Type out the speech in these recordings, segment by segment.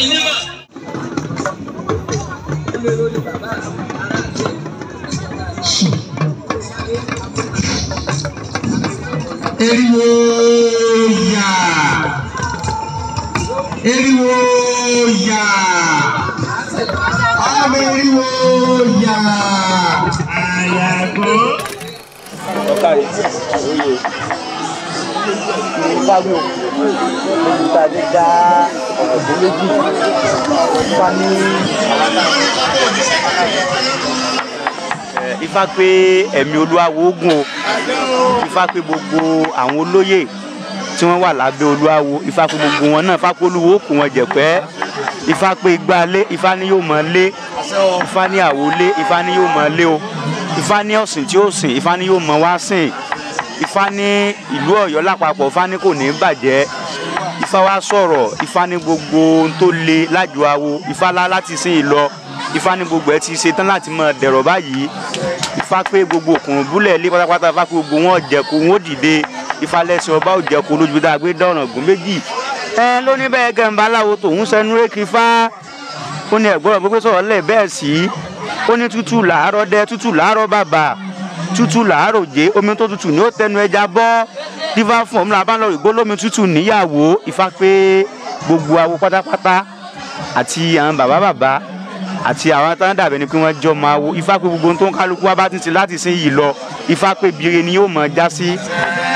fi nímọ̀. Eriwo ya eriwo ya ọmọ eriwo ya àyàgbọ́. ọ̀kadì òye ìfagbo olùtàdé dá ọ̀rọ̀ méjì fa ní. ifá pé ẹ̀mí olúwa wo o ifá pé gbogbo àwọn olóyè tí wọ́n wà lábẹ́ olúwa wo ifá pé gbogbo wọn náà ifá pé olúwo kò wọn jẹ̀pẹ́ ifá pé igba lé ifá ni yóò mọ lé ifá ni àwo lé ifá ni yóò mọ lé o ifá ni ọ̀sìn tí ó sìn ifá ni yóò mọ wá sìn ifá ní ìlú ọ̀yọ́ lápapọ̀ ifá ní kò ní bàjẹ́ ifá wa sọ̀rọ̀ ifá ní gbogbo ohun tó le lájọ awo ifá lá láti sìn ín lọ ifá ní gbogbo ẹ ti ṣe tán láti mọ dẹ̀rọ̀ báyìí ifá pé gbogbo òkùnrùn búlẹ̀ lé pátápátá ifá pé gbogbo wọn jẹ̀kọ wọn dìde ifá lẹ́sìn ọba ò jẹ̀kọ lójú bí dáa gbé dọ̀nà gún méjì ẹ ló bẹ́ẹ̀ gẹ̀ǹbá láwo tòun sẹnu rékì ifá ó ní ẹ̀gbọ́n gbogbo sọ̀rọ̀ lẹ̀ bẹ́ẹ̀ sí ó ní tútù làárọ̀ dẹ́ tútù làárọ̀ bàbà tútù làáròjé omi tó tútù ní ó tẹnu ẹja bọ́ dífá fún ọmọ làbá lọ ìgbó lómi tútù níyàwó ifá pé gbogbo awo pátápátá àti àwọn bàbá bàbá àti àwọn tó ń dàbẹ̀ ni pé wọ́n jọ máa wo ifá pé gbogbo tó ń kálukú wa bá ti ti láti sin yìí lọ ifá pé bire ni yóò mọ̀ já sí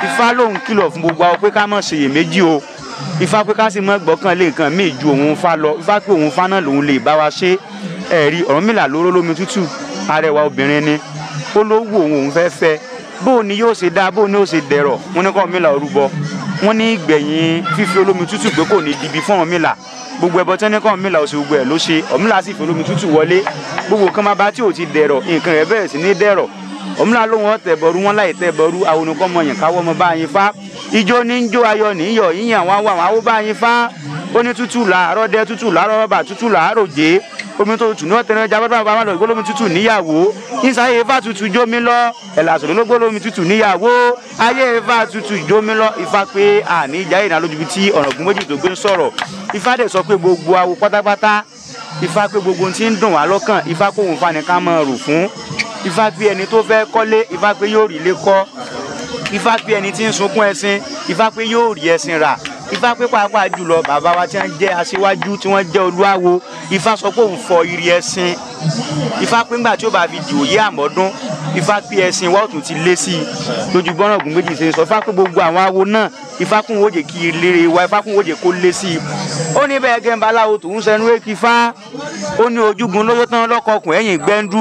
ifá lòun kìlọ̀ fún gbogbo awo pé ká má ṣèyèméjì o ifá pé ká sì mọ́ gbọ́kàn lé nǹkan míì ju òun fa lọ ifá pé òun fa náà lòun lè bá wa ṣe ẹ̀rí Ọ̀rúnmìlà lóró lómi tútù arẹwà obìnrin ni ó ló wù òun òun fẹ́ fẹ́ bóò ni yóò ṣe dáa bóò ni yóò ṣe dẹ̀rọ̀ wọ́n ní kọ́ mílà orúbọ wọ́n ní gbẹ̀yìn fífi olómi tútù pé kò ní dibi fún ọ̀mìlà gbogbo ẹbọ tẹ́ni kọ́ ọ̀mìlà oṣù gbogbo ẹ̀ ló ṣe ọ̀mìlà sì fi olómi tútù wọlé gbogbo kan máa bá tí ò ti dẹ̀rọ̀ nǹkan rẹ̀ bẹ̀rẹ̀ sí ní dẹ̀rọ̀ ọ̀mìlà ló wọn tẹ̀ bọ̀rú wọn láì tẹ̀ bọ̀rú àwọn onukọ́ mọ yẹn káwọ́ mọ bá yín fá ijó ní ń jó ayọ̀ níyọ̀ yíyàn wá wà wá ó bá yín fá ó ní tútù làárọ̀ dẹ́ tútù làárọ̀ rọ́bà omi tó tutù ní wọn tẹnu ẹja bá bá wọn lọ ìgbólómi tutù níyàwó ìsàyè ifá tutù jómi lọ ẹlàsọ ló gbólómi tutù níyàwó ayé ifá tutù jómi lọ ifá pé àní ìjà yìí náà lójú tí ọ̀nà ògùn méjì tó gbé ń sọ̀rọ̀ ifá dẹ̀ sọ pé gbogbo awo pátápátá ifá pé gbogbo tí ń dùn wá lọ́kàn ifá kó òun fani ká máa rò fún ifá pé ẹni tó fẹ́ kọ́lé ifá pé yóò rí ilé kọ́ ifá pé ẹni tí ń sunkún ẹṣin ifá pé yóò rí ẹṣin rà ifá pé pàápàá jùlọ bàbá wa tí wọ́n jẹ́ aṣíwájú tí wọ́n jẹ́ olúwawo ifá sọ pé òun fọ irí ẹṣin ifá pé ńgbà tí ó bá fi di òye àmọ́dún ifá pé ẹṣin wa ó tún ti lé sí i lójú gbọ́nràn ògùn méjì ṣe sọ ifá pé gbogbo àwọn awo náà ifá kún wòye kí ilére wa ifá kún wòye kó lé sí i ó ní bẹ́ẹ̀ gẹ́ńbà aláwo tòun sẹnu èkì ifá ó ní ojúgun lówó tán lọ́kọ̀ọ̀kùn ẹ̀yìn gbẹ́ndú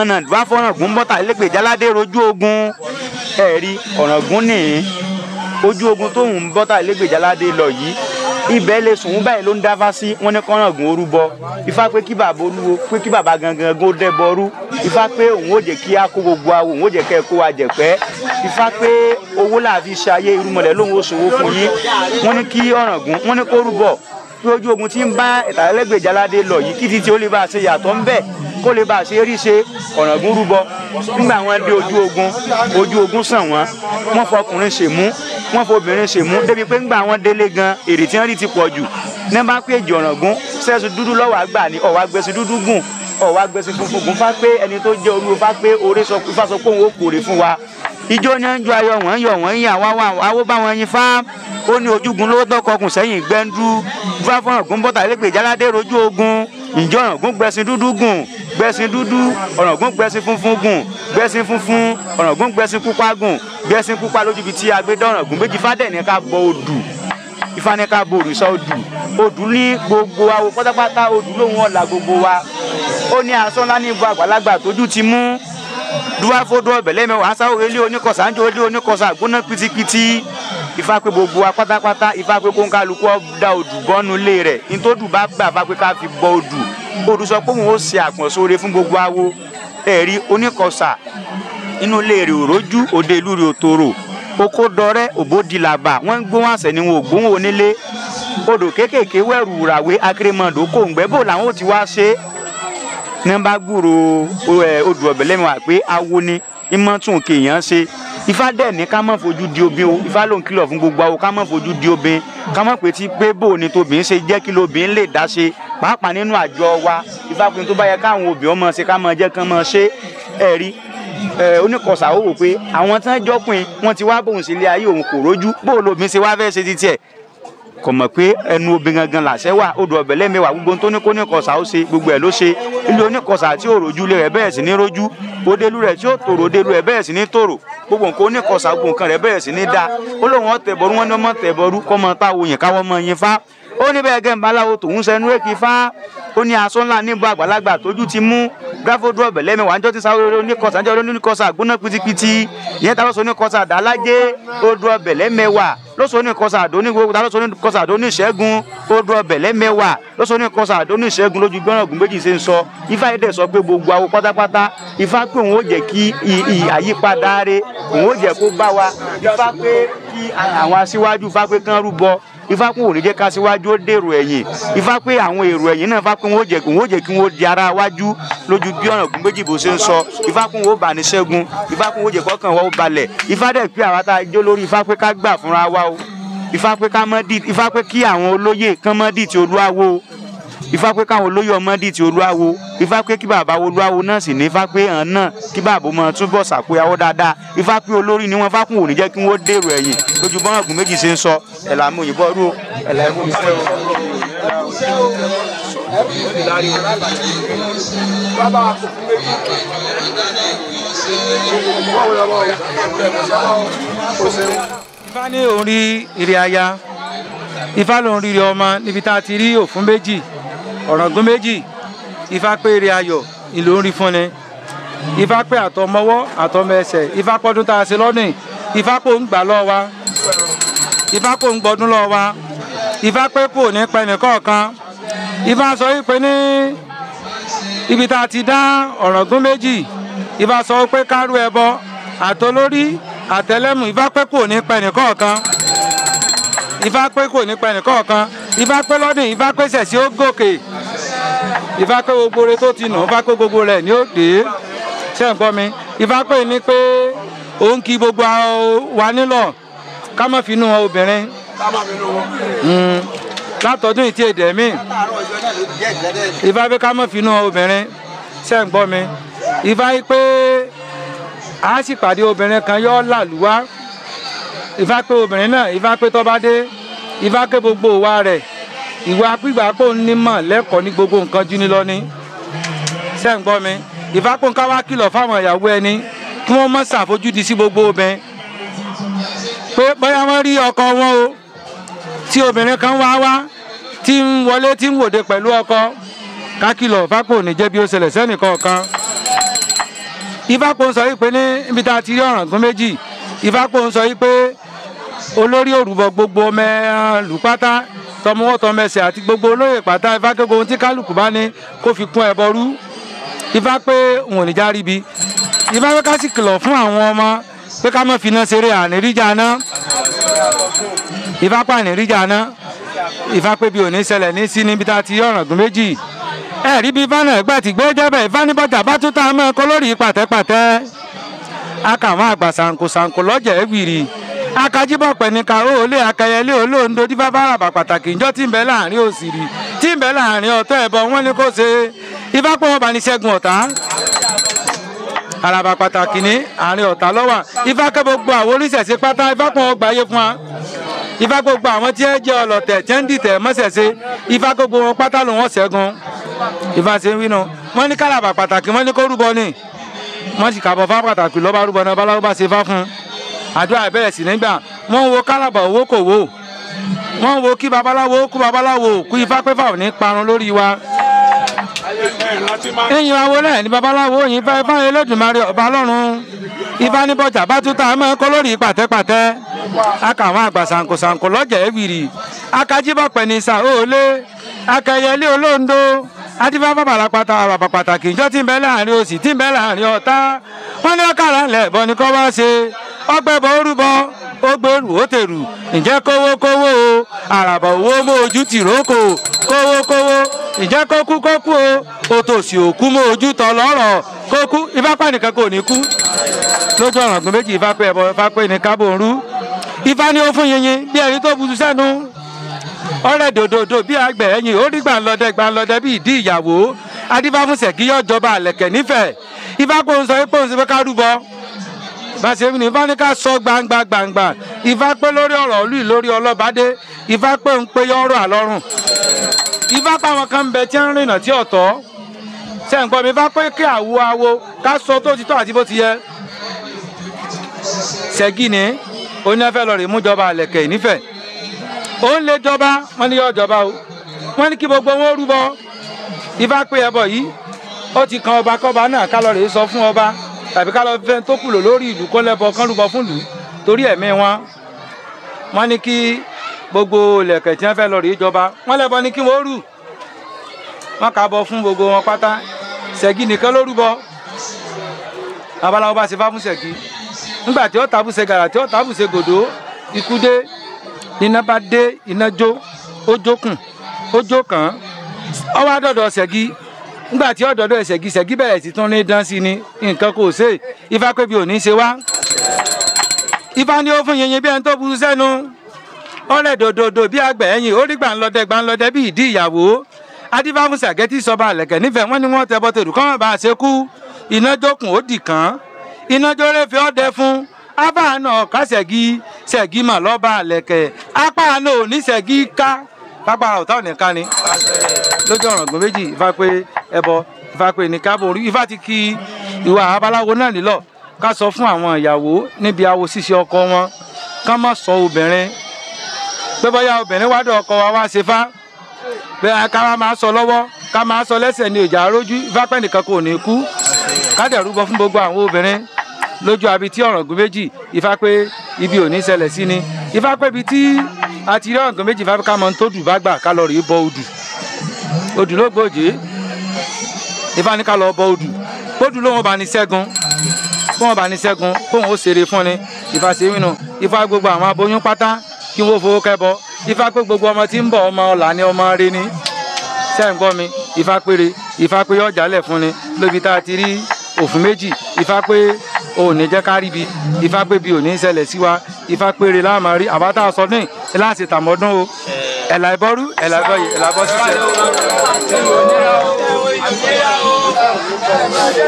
ọ̀nà ìdúrà fọ́nrán ògùn bọ́tà lẹ́gbẹ̀ẹ́ jáládé rojú ogun ẹ̀rí ọ̀ràn ògùn nìyí ojú ogun tóun ń bọ́tà lẹ́gbẹ̀jáládé lọ yìí ibẹ̀ lè sùn báyìí ló ń dáfá sí wọn ní kọ́nàgùn orú bọ ifá pé kí bàbá olúwo pé kí bàbá gangan gó dẹ́bọ rú ifá pé òun ò jẹ́ kí á kó gbogbo awo òun ò jẹ́ kẹ́ kó wa jẹ̀pẹ́ ifá pé owó làá fi ṣe ayé irúmọlẹ̀ lòun ò ṣòwò fún yín wọn ní kí ọ̀ràngún wọn ní kó rúbọ pé ojú ogun tí ń bá ìtàlẹ́gbẹ̀jáládé lọ yìí kí titi ó lè bá a ṣe yàtọ̀ ń bẹ́ẹ̀ kó lè bá a ṣe rí ṣe ọ̀ràngún rúbọ nígbà wọn dé ojú ogun ojú ogun sàn wọn wọn fọkùnrin ṣèmú wọn fọbìnrin ṣèmú débi pé nígbà wọn délé gan èrè tí wọn rí ti pọ̀ jù ní bá pé èjì ọ̀ràngún sẹ́sù dúdú lọ́wọ́ àgbà ni ọ̀wá gbẹ̀sù dúdú gùn ọ̀wá gbẹ̀sù funfun gùn fá pé ẹni tó jẹ́ olúwo fá pé oore sọ ifá sọ pé òun ó kórè fún wa ijó ni ń ju ayọ̀ wọ́n yọ̀ wọ́n yìn àwa wà awó bá wọn yin fá ó ní ojúgun lówó tọkọkùn sẹ́yìn gbẹ́ndú fáfọ́n ògún bọ́tà lẹ́gbẹ̀ẹ́ jáládé rojú ogun ìjọ ọ̀gún gbẹ̀sìn dúdú gùn gbẹ̀sìn dúdú ọ̀ràngún gbẹ̀sìn funfun gùn gbẹ̀sìn funfun ọ̀ràngún gbẹ̀sìn pupa gùn gbẹ̀sìn pupa lójú ibi tí a gbé dọ̀ràngún méjì fádẹ̀ ní ká bọ odù ifá ní ká bọ òrìṣà odù odù ní gbogbo wa wo pátápátá odù lóhun ọ̀la gbogbo wa ó ní aṣọ ńlá ní ibo àgbàlagbà tójú ti mú dúwáfódú ọ̀bẹ̀lẹ́mẹ̀wá sáwọ́ ilé oníkọ̀sá ń jó ilé oníkọ̀sá gbóná pitikpiti ifá pé gbogbo wa pátápátá ifá pé kóńkálukú da odù bọ́nu lé rẹ̀ nítòdù bá gbà fá pé ká fi bọ odù odù sọ pé òun ó ṣe àpọ̀nsóore fún gbogbo awo ẹ̀rí oníkọ̀sà inú ilé òrójú òde ìlú rẹ̀ òtòrò oko dọrẹ òbódìlàbà wọn ń gbóhùn àṣẹ ni wọn ò gbóhùn onílé odò kéékèèké wẹ̀rù ràwé akérèmọdò kòǹgbẹ bò làwọn ò ti wá ṣe ní bá gbúròó odò ọbẹ wà pé awo ni ìmọ̀tún kéèyàn ṣe ifá dẹ̀ ní ká má fojú di obìn o ifá ló ń kìlọ̀ fún gbogbo àwọn ká má fojú di obìn ká má pè tí pé bò ní tobìn ṣe jẹ́ kí lobìn lè dá ṣe pàápàá nínú àjọ wa ifá pinnu tó bá yẹ káwọn obìn ọmọ ṣe ká má jẹ́ kán má ṣe ẹ̀rí oníkọ̀sà ó wò pé àwọn tí wọ́n jọ́pin wọ́n ti wá bóun sí ilé ayé òun kò rójú bóun lobìn ṣe wá fẹ́ ṣe ti tiẹ̀ kò mọ̀ pé ẹnu obìnrin gangan làṣẹ wà odò ọ̀bẹ lẹ́mẹ̀wà gbogbo tó ní kó ní kọ̀sà ó ṣe gbogbo ẹ̀ ló ṣe ilé oníkọ̀sà tí ò rojú ilé rẹ̀ bẹ́ẹ̀ sí ní rojú òdelu rẹ̀ tí ó tòrò òdelu rẹ̀ bẹ́ẹ̀ sí ní tòrò gbogbo nǹkan oníkọ̀sà gbogbo nǹkan rẹ̀ bẹ́ẹ̀ sí ní da ó lóun ọ̀tẹ̀ bọ̀rú wọn ni ọmọ tẹ̀ bọ̀rú kọ́mọ táwọn yẹn káwọ́ mọ yẹn fá ó ní bẹ́ẹ̀ gẹ́ǹbà aláwo tòun sẹ́nu rẹ̀ kì í fá ó ní aṣọ ńlá níbo àgbàlagbà tójú ti mú gáfódú ọ̀bẹ lẹ́mẹ̀wá níjọ́ ti sáré oníkọ̀sà níjọ́ oníkọ̀sà gbóná pitipiti ìyẹn ta ló sọ oníkọ̀sà dàlágé odò ọ̀bẹ lẹ́mẹ̀wá lọ́sọ̀ọ́ ní kọ́sà àdó ní gbogbo lọ́sọ̀ọ́ ní kọ́sà àdó ní ìṣẹ́gun ó dúró bẹ̀lẹ́ mẹ́wàá kọ́sà àdó ní lójú gbọ́nràn ògùn méjì ṣe ń sọ ifá yìí sọ pé gbogbo awo pátápátá ifá pé òun ó jẹ́ kí àyípadà rẹ̀ òun ó jẹ́ kó bá wa ifá pé kí àwọn aṣíwájú ifá pé kán rúbọ ifá pé òní jẹ́ ká síwájú ó dèrò ẹ̀yìn ifá pé àwọn èrò ẹ̀yìn náà ifá pé wọ́n jẹ́ wọ́n jẹ́ kí wọ́n di ara wájú lójú bí ọ̀nà gún méjì bó ṣe ń sọ ifá pé wọ́n bá ní ṣẹ́gun ifá pé wọ́n jẹ́ kọ́kàn wọ́n balẹ̀ ifá dẹ̀ pé àwa tá a jó lórí ifá pé ká gbà fúnra wa o ifá pé ká mọ́ dì ifá pé kí àwọn olóyè kán mọ́ dì ti olúwa wo ifá pé káwọn olóyè ọmọdé ti olúwawo ifá pé kí bàbá olúwawo náà sì ní ifá pé hàn náà kí bàbá ọmọ túbọ̀ sàkóyawó dáadáa ifá pé olórí ni wọ́n fá kún òní jẹ́ kí wọ́n dèrò ẹ̀yìn lójú bọ́n ọ̀gùn méjì ṣe ń sọ ẹ̀là mú òyìnbó rú ẹ̀là ẹ̀mú mi o. bàbá kò fún méjì ifá ní òun rí ire aya ifá lòun rí ọmọ níbi tá a ti rí òfún méjì ọ̀ràngún méjì ifá pé eré ayọ̀ ìlú ń rí fúnni ifá pé àtọmọwọ́ àtọmẹsẹ̀ ifá pọ́dún tá a ṣe lọ́nìí ifá pò ń gbà lọ́ wa ifá pò ń gbọdún lọ́ wa ifá pé kò ní pẹ́ni kọ̀ọ̀kan ifá sọ wípé ní ibi tá a ti dá ọ̀ràngún méjì ifá sọ pé kárú ẹbọ àtolórí àtẹlẹ́mù ifá pé kò ní pẹ́ni kọ̀ọ̀kan ifá kò ní pẹ́ni kọ̀ọ̀kan ifá pé lọ́dún ifá pé ó gòkè ìfá pé gbogbo rẹ̀ tó ti nà ó fá pé gbogbo rẹ̀ ni ó dé ṣe ń gbọ́ mi ìfá pé ni pé òun kí gbogbo wa nílọ̀ ká má finú obìnrin hmm. látọdún ìtí èdè mi ìfá pé ká má finú obìnrin ṣe ń gbọ́ mi ìfá pé a sì pàdé obìnrin kan yọ làlùwá ìfá pé obìnrin náà ìfá pé tó dé ìfá pé gbogbo wa rẹ̀ ìwà gbígbà pò ń nímọ̀ lẹ́kọ̀ọ́ ní gbogbo nǹkan jú ní lọ́ní ṣẹ́ ń gbọ́ mi ìfapòǹká wá kìlọ̀ fáwọn ìyàwó ẹni kí wọ́n mọ̀ ṣàfojúdi sí gbogbo obìnrin pé bóyá wọ́n rí ọkọ wọn o tí obìnrin kan wá wá tí ń wọlé tí ń wòde pẹ̀lú ọkọ kákìlọ̀ fápò ní jẹ́ bí ó ṣẹlẹ̀ sẹ́nìkọ̀ọ̀kan ìfapò ń sọ yìí pé ní ibi tá a ti rí ọ̀ràngún méjì ìfapò ń sọ yìí pé olórí òrùbọ gbogbo ọmọ ẹran lùpátá tọmọwọ́ tọmẹsẹ̀ àti gbogbo olóyè pátá ifá kéko ohun tí kálukú bá ní kó fi kún ẹbọ rú ifá pé òun ò ní já ríbi ifá pé ká sì kìlọ̀ fún àwọn ọmọ pé ká má finá ṣeré àníríjà ná ifá pa àníríjà ná ifá pé bí òní ṣẹlẹ̀ ní sí níbi tá a ti ọ̀ràn gún méjì ẹ rí bí ifá náà gbà tí gbé jẹ́bẹ̀ ifá ní bọ́jà bá tún tá a mọ́ lórí pàtẹ́pàtẹ́ a kà máa gbà sànkosànko lọ́jà akajibọ pẹnika òòlé akẹyẹlé olóńdó dífá fárabà pàtàkì njọ tí ń bẹ láàrin òsìrì tí ń bẹ láàrin ọ̀tọ̀ ẹbọ wọn ni kò ṣe ifá pé wọn bá ní ṣẹ́gun ọ̀tá àràbà pàtàkì ní àárín ọ̀tá lọ́wà ifá kẹ́ gbogbo àwọn oníṣẹ̀ṣe pátá ifá pọ̀ ọgbà ayé fún wa ifá gbogbo àwọn tí ẹ jẹ́ ọlọ̀tẹ̀ tí ẹ ń dìtẹ̀ mọ́ṣẹ̀ṣe ifá gbogbo wọn pátá ló wọ́n ṣẹ́gun ifá ṣe ń wínú wọ́n ní káràbà pàtàkì wọ́n ní kó rúbọ ní wọ́n sì kàbọ̀ fá pàtàkì lọ́ba àdúrà bẹ̀rẹ̀ sí nígbà wọ́n ń wo kálàbà owó kò wò wọ́n ń wo kí babaláwo kú babaláwo kú ifá pẹ́fà ò ní parun lórí wa. ẹ̀yin awo náà ni babaláwo yìí fẹ́ fáwọn Elédùmarè ọba lọ́run ifá níbọjà bá tún ta mọ́ kó lórí pàtẹ́pàtẹ́ aka àwọn àgbà sànkòsànkò lọ́jà ẹ̀wìrì akájíbọ̀ pẹ̀nìsà òòlé akẹyẹlé olóńdó adífá bàbàlà pátá bàbà pàtàkì ìjọ tí ń bẹ láàrin òsì tí ń bẹ láàrin ọ̀tá wọn ní ọkàlà ńlẹ̀ bọ̀ ní kọ́ wá ṣe ọgbẹ́bọ̀ orúbọ ogbèrú òtèrú ǹjẹ́ kówó kówó o àràbọ̀ owó mọ́ ojú tìrókò kówó kówó ǹjẹ́ kókú kókú o òtòṣì òkú mọ́ ojú tọ̀ lọ́rọ̀ kókú ìfapá nìkan kò ní kú lójú ọ̀ràngún méjì ìfapẹ́ ẹ̀bọ ìfapẹ́ ní kábò ń rú ifá ní ó fún yinyin bí ẹni tó butu sẹ́nu ọ̀rẹ́ dòdòdò bí àgbẹ̀ ẹ̀yìn ó rí gbàǹlọ́dẹ gbàǹlọ́dẹ bí ìdí ìyàwó adífáfúnṣẹ̀ kí yọ̀ọ́ jọba àlẹ̀kẹ̀ nífẹ̀ẹ́ ifá kò ń sọ pé òun ṣe fẹ́ ká rúbọ bàṣẹ́bí ni ifá ní ká sọ gbangba gbangba ifá pé lórí ọ̀rọ̀ olú lórí ọlọ́bàdé ifá pé ń pé yọ́rọ̀ àlọ́rùn ifá pàwọn kan ń bẹ tí ń rìnà tí ọ̀tọ̀ ṣe ń gbọ́ mi ifá pé kí àwo awo ká sọ tó ti tọ́ àti bó ti yẹ ṣẹ́gi ni onífẹ́ lọ rè mú jọba àlẹ̀kẹ̀ nífẹ̀ ó ń lé jọba wọn ní yọ jọba o wọn ní kí gbogbo wọn rúbọ ifá pé ẹbọ yìí ó ti kan ọba kọba náà ká lọ rè sọ fún ọba tàbí ká lọ fẹ́ tó kù lò lórí ìlú kó lẹ́bọ kán rúbọ fún ìlú torí ẹ̀mí wọn wọn ní kí gbogbo ilẹ̀kẹ̀ tí wọ́n fẹ́ lọ rí ìjọba wọn lẹ́bọ ní kí wọ́n rù wọn kà bọ fún gbogbo wọn pátá ṣẹ́gi nìkan ló rúbọ babaláwo bá ṣe fá fún ṣẹ́gi nígbà tí ó tàbù ṣe gàrà tí ó tàbù ṣe gòdó ikú dé iná bá dé iná jó ó jó kùn ó jó kàn án ó wá dọ̀dọ̀ ṣẹ́gi nígbà tí ọ̀dọ́dọ̀ ẹ̀sẹ̀gì ṣẹ̀gì bẹ̀rẹ̀ sí tún ní dán sí ni nǹkan kò ṣe ifá pé bí ò ní ṣe wá. ifá ni ó fún yẹyẹ bí ẹni tó burú sẹ́nu ọ̀rẹ́ dòdòdò bí àgbẹ̀ ẹ̀yìn ó rí gbàǹlọ́dẹ gbàǹlọ́dẹ bí ìdí ìyàwó adífá fún sàgẹ́tì sọba àlẹ̀kẹ̀ nífẹ̀ẹ́ wọ́n ní wọ́n tẹ bọ́tẹ̀lù kọ́ wọn bá a ṣe kú iná jókun ó dì kàn iná jórèfé ọ̀dẹ fún ábà náà ká ṣẹ̀gì ṣẹ̀gì mà lọ́ba àlẹ̀kẹ̀ apá náà ò ní ṣẹ̀gì ká pápá ọ̀tá ò ní ká ni lójú ọ̀ràn gùn méjì ìfá pé ẹbọ Ifá pè ní káàbọ̀ orí Ifá ti kí ìwà abaláwo náà nílọ̀ ká sọ fún àwọn ìyàwó níbi awo ṣíṣe ọkọ wọn ká má sọ obìnrin pé bóyá obìnrin wá dọ̀ ọkọ wa wá ṣe fá pé ká wá máa sọ lọ́wọ́ ká máa sọ lẹ́sẹ̀ ní ìjà àrójú Ifá pẹ́ nìkan kò ní kú ká dẹ̀ rúbọ fún gbogbo àwọn obìnrin lójú abi tí ọ̀ràngún méjì Ifá pé ibi ò ní ṣẹlẹ̀ sí ni Ifá pé ibi tí àti rí ọ̀ràngún méjì Ifá pé ká mọ tó dù bá gbà ká lọ rí bọ odù odù ló gbòòjé ìbá ní ká lọ bọ odù odù lóun bá ní ṣẹ́gun bóun bá ní ṣẹ́gun kóun ó ṣeré fún ni ìfà ṣe wínú ìfà gbogbo àwọn aboyún pátá kí wọ́n fowó kẹ́bọ ìfà pé gbogbo ọmọ tí ń bọ̀ ọmọ ọ̀la ni ọmọ rẹ ni ṣe ń gbọ́ mi ìfà péré ìfà pé ọ̀jálẹ̀ fún ni lóbi tá a ti rí òfin méjì ìfà pé ò ní jẹ́ ká ríbi ìfà pé bí ò ní ṣẹlẹ̀ sí wa ìfà péré láàmú rí àbá tá a sọ ní láti tàmọ́dún o ẹ̀là ìbọ́rú ẹ̀là ìbọ́yè àgbéyà o àbí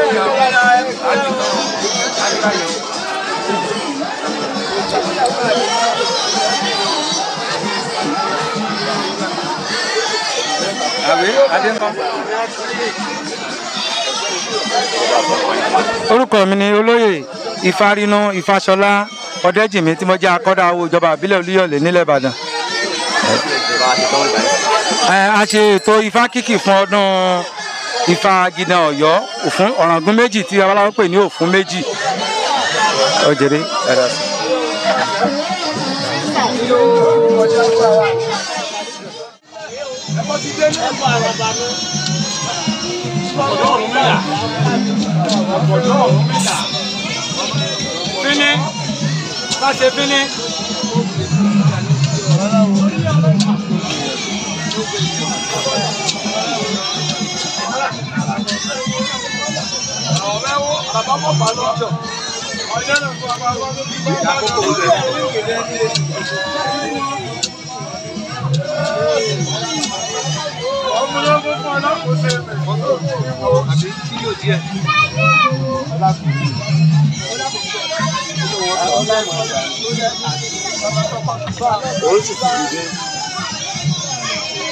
adéǹkan. orúkọ mi ni olóyè ìfarinu ìfàsọlá ọdẹjìmí tí mo jẹ akọ́dá owó ìjọba àbílẹ̀ olúyọ̀lé nílẹ̀ ìbàdàn a ṣe ètò ifá kìkì fún ọdún ifá gidan Ọ̀yọ́ òfún ọ̀ràngún méjì tí babaláwo pè ní òfún méjì ọjẹrẹ ẹdá sí. fini bá ṣe fini. Thank you ọ̀rẹ́wó àbámọ̀pá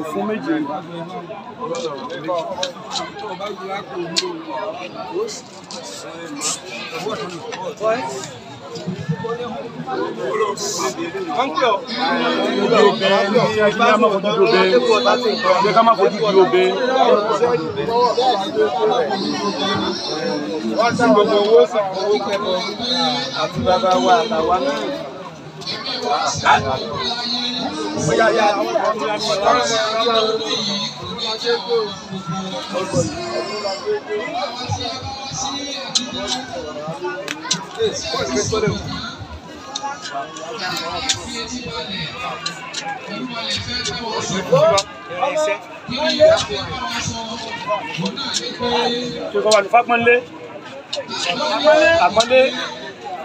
òfún méje wọ́n ti gbogbo owó sàn owó kẹ́kọ̀ọ́ àti bàbá wa àtàwa náà. Ìjọba àlùfáà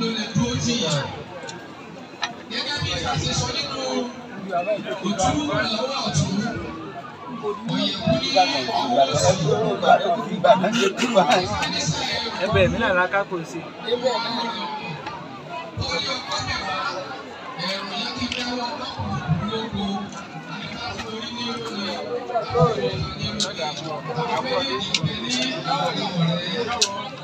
ló lè dúró tì Gẹ́gẹ́ bí ìfàṣẹ sọ nínú ìtú ìlọ́wọ́ ọ̀tún. Ẹ̀bẹ̀ mi náà la kákò sí. Thank you.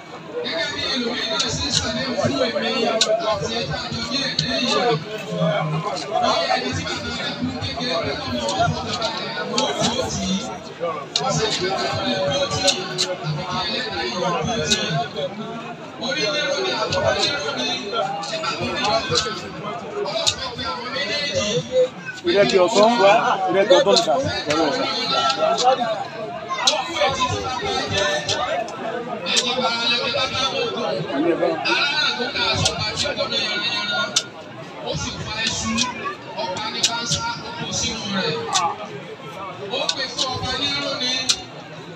gẹ́gẹ́ bí ẹlòmíì náà ṣe ń ṣàlẹ̀ fún èmi àti ẹ̀ka àjọ àràràgùnkà àṣọba tí ó dọ̀dọ̀ yànnayànna ó sì fa ẹṣu ọba ní kánsá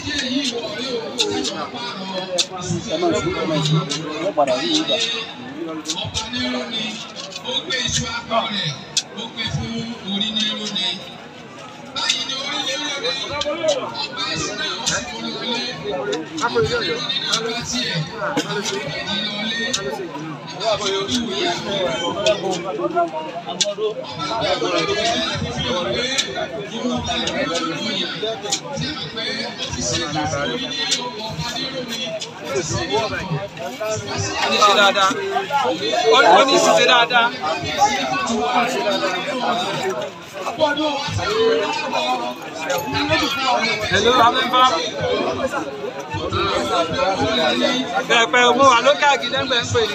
ọ̀pọ̀ ní ni ó gbé iṣu apá rẹ̀ ó gbé fún orí ní ni. báyìí ni orí ní ọba ẹ̀sìn náà ó sì kúrò lé orí ní ni ọba tiẹ̀ àwọn ọmọ ìdílé ọlé ṣe dáadáa ó ní ṣiṣẹ́ dáadáa. Hello, Amẹ́fà. Bẹ̀ẹ̀pẹ̀ mo wà lókè àgìlẹ́gbẹ̀ẹ́ ń pè ní.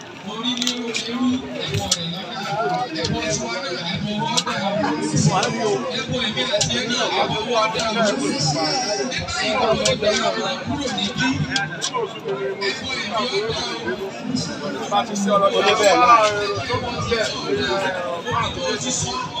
mo rí ní irú ẹ̀kọ́ rẹ̀ lọ́dà ẹ̀kọ́ tí wọ́n rẹ̀ ẹ̀kọ́ wọ́n dà ó ẹ̀kọ́ èmi àti ẹ̀kọ́ ẹ̀kọ́ wọ́n dà ó nígbà ìgbà wọ́n dà ó kúrò níbí ẹ̀kọ́ èmi ó dà ó. Olè bẹ́ẹ̀ lọ. Olè bẹ́ẹ̀ lọ.